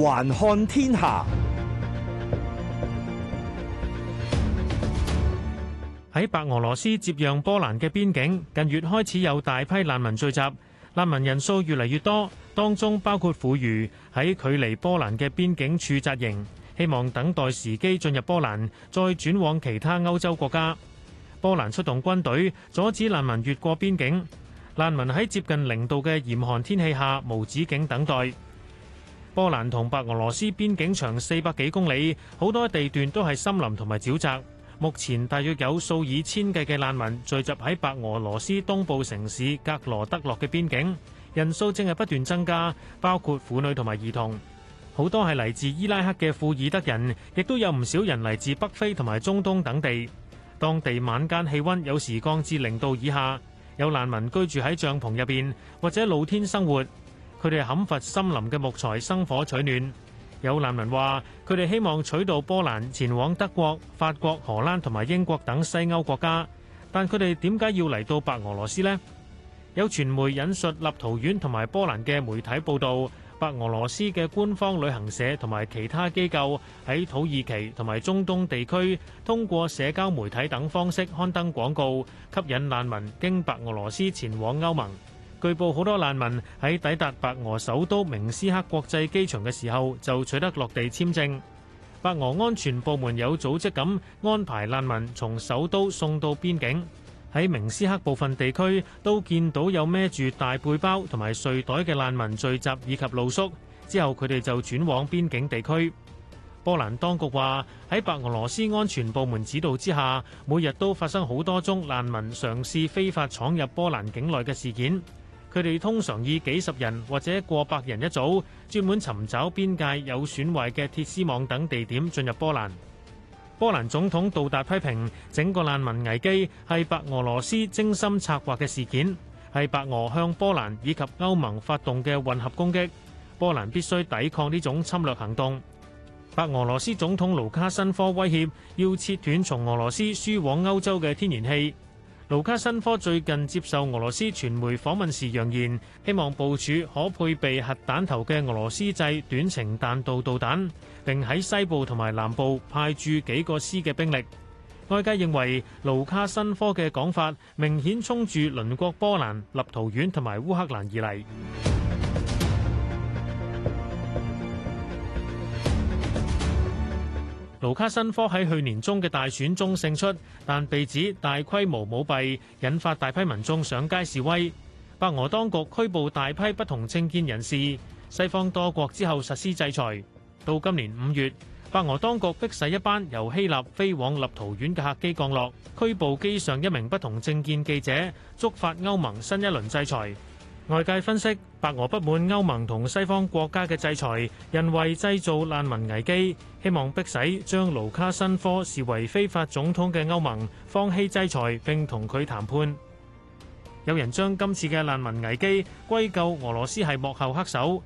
環看天下。喺白俄羅斯接壤波蘭嘅邊境，近月開始有大批難民聚集，難民人數越嚟越多，當中包括婦孺喺距離波蘭嘅邊境處紮營，希望等待時機進入波蘭，再轉往其他歐洲國家。波蘭出動軍隊阻止難民越過邊境，難民喺接近零度嘅嚴寒天氣下無止境等待。波蘭同白俄羅斯邊境長四百幾公里，好多地段都係森林同埋沼澤。目前大約有數以千計嘅難民聚集喺白俄羅斯東部城市格羅德諾嘅邊境，人數正係不斷增加，包括婦女同埋兒童。好多係嚟自伊拉克嘅庫爾德人，亦都有唔少人嚟自北非同埋中東等地。當地晚間氣溫有時降至零度以下，有難民居住喺帳篷入面，或者露天生活。佢哋係砍伐森林嘅木材生火取暖。有難民話：佢哋希望取道波蘭前往德國、法國、荷蘭同埋英國等西歐國家，但佢哋點解要嚟到白俄羅斯咧？有傳媒引述立陶宛同埋波蘭嘅媒體報道，白俄羅斯嘅官方旅行社同埋其他機構喺土耳其同埋中東地區，通過社交媒體等方式刊登廣告，吸引難民經白俄羅斯前往歐盟。據報，好多難民喺抵達白俄首都明斯克國際機場嘅時候就取得落地簽證。白俄安全部門有組織咁安排難民從首都送到邊境。喺明斯克部分地區都見到有孭住大背包同埋睡袋嘅難民聚集以及露宿，之後佢哋就轉往邊境地區。波蘭當局話，喺白俄羅斯安全部門指導之下，每日都發生好多宗難民嘗試非法闖入波蘭境內嘅事件。佢哋通常以幾十人或者過百人一組，專門尋找邊界有損壞嘅鐵絲網等地點進入波蘭。波蘭總統杜達批評整個難民危機係白俄羅斯精心策劃嘅事件，係白俄向波蘭以及歐盟發動嘅混合攻擊，波蘭必須抵抗呢種侵略行動。白俄羅斯總統盧卡申科威脅要切斷從俄羅斯輸往歐洲嘅天然氣。盧卡申科最近接受俄羅斯傳媒訪問時，揚言希望部署可配備核彈頭嘅俄羅斯製短程彈道導彈，並喺西部同埋南部派駐幾個師嘅兵力。外界認為盧卡申科嘅講法明顯衝住鄰國波蘭、立陶宛同埋烏克蘭而嚟。盧卡申科喺去年中嘅大選中勝出，但被指大規模舞弊，引發大批民眾上街示威。白俄當局拘捕大批不同政見人士，西方多國之後實施制裁。到今年五月，白俄當局逼使一班由希臘飛往立陶宛嘅客機降落，拘捕機上一名不同政見記者，觸發歐盟新一輪制裁。外界分析，白俄不滿歐盟同西方國家嘅制裁，人為製造難民危機，希望迫使將盧卡申科視為非法總統嘅歐盟放棄制裁並同佢談判。有人將今次嘅難民危機歸咎俄羅斯係幕後黑手。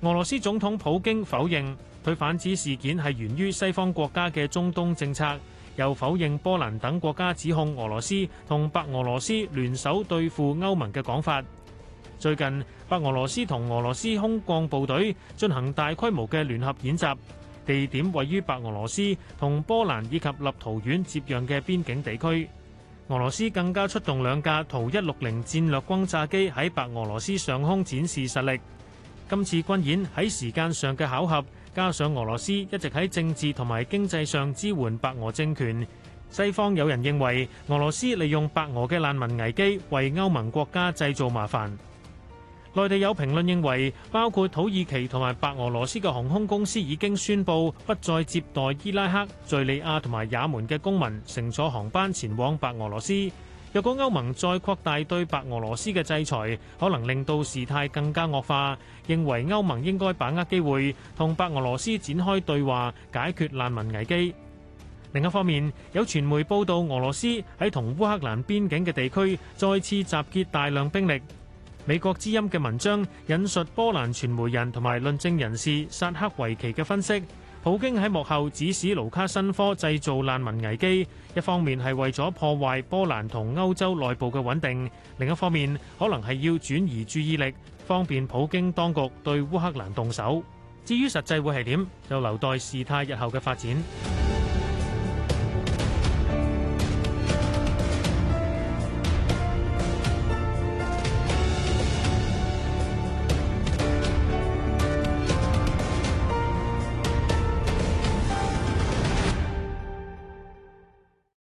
俄羅斯總統普京否認佢，反指事件係源於西方國家嘅中東政策，又否認波蘭等國家指控俄羅斯同白俄羅斯聯手對付歐盟嘅講法。最近，白俄羅斯同俄羅斯空降部隊進行大規模嘅聯合演習，地點位於白俄羅斯同波蘭以及立陶宛接壤嘅邊境地區。俄羅斯更加出動兩架圖一六零戰略轟炸機喺白俄羅斯上空展示實力。今次軍演喺時間上嘅巧合，加上俄羅斯一直喺政治同埋經濟上支援白俄政權，西方有人認為俄羅斯利用白俄嘅難民危機為歐盟國家製造麻煩。內地有評論認為，包括土耳其同埋白俄羅斯嘅航空公司已經宣布不再接待伊拉克、敘利亞同埋也門嘅公民乘坐航班前往白俄羅斯。若果歐盟再擴大對白俄羅斯嘅制裁，可能令到事態更加惡化，認為歐盟應該把握機會，同白俄羅斯展開對話，解決難民危機。另一方面，有傳媒報道，俄羅斯喺同烏克蘭邊境嘅地區再次集結大量兵力。美國之音嘅文章引述波蘭傳媒人同埋論證人士薩克維奇嘅分析，普京喺幕後指使盧卡申科製造難民危機，一方面係為咗破壞波蘭同歐洲內部嘅穩定，另一方面可能係要轉移注意力，方便普京當局對烏克蘭動手。至於實際會係點，就留待事態日後嘅發展。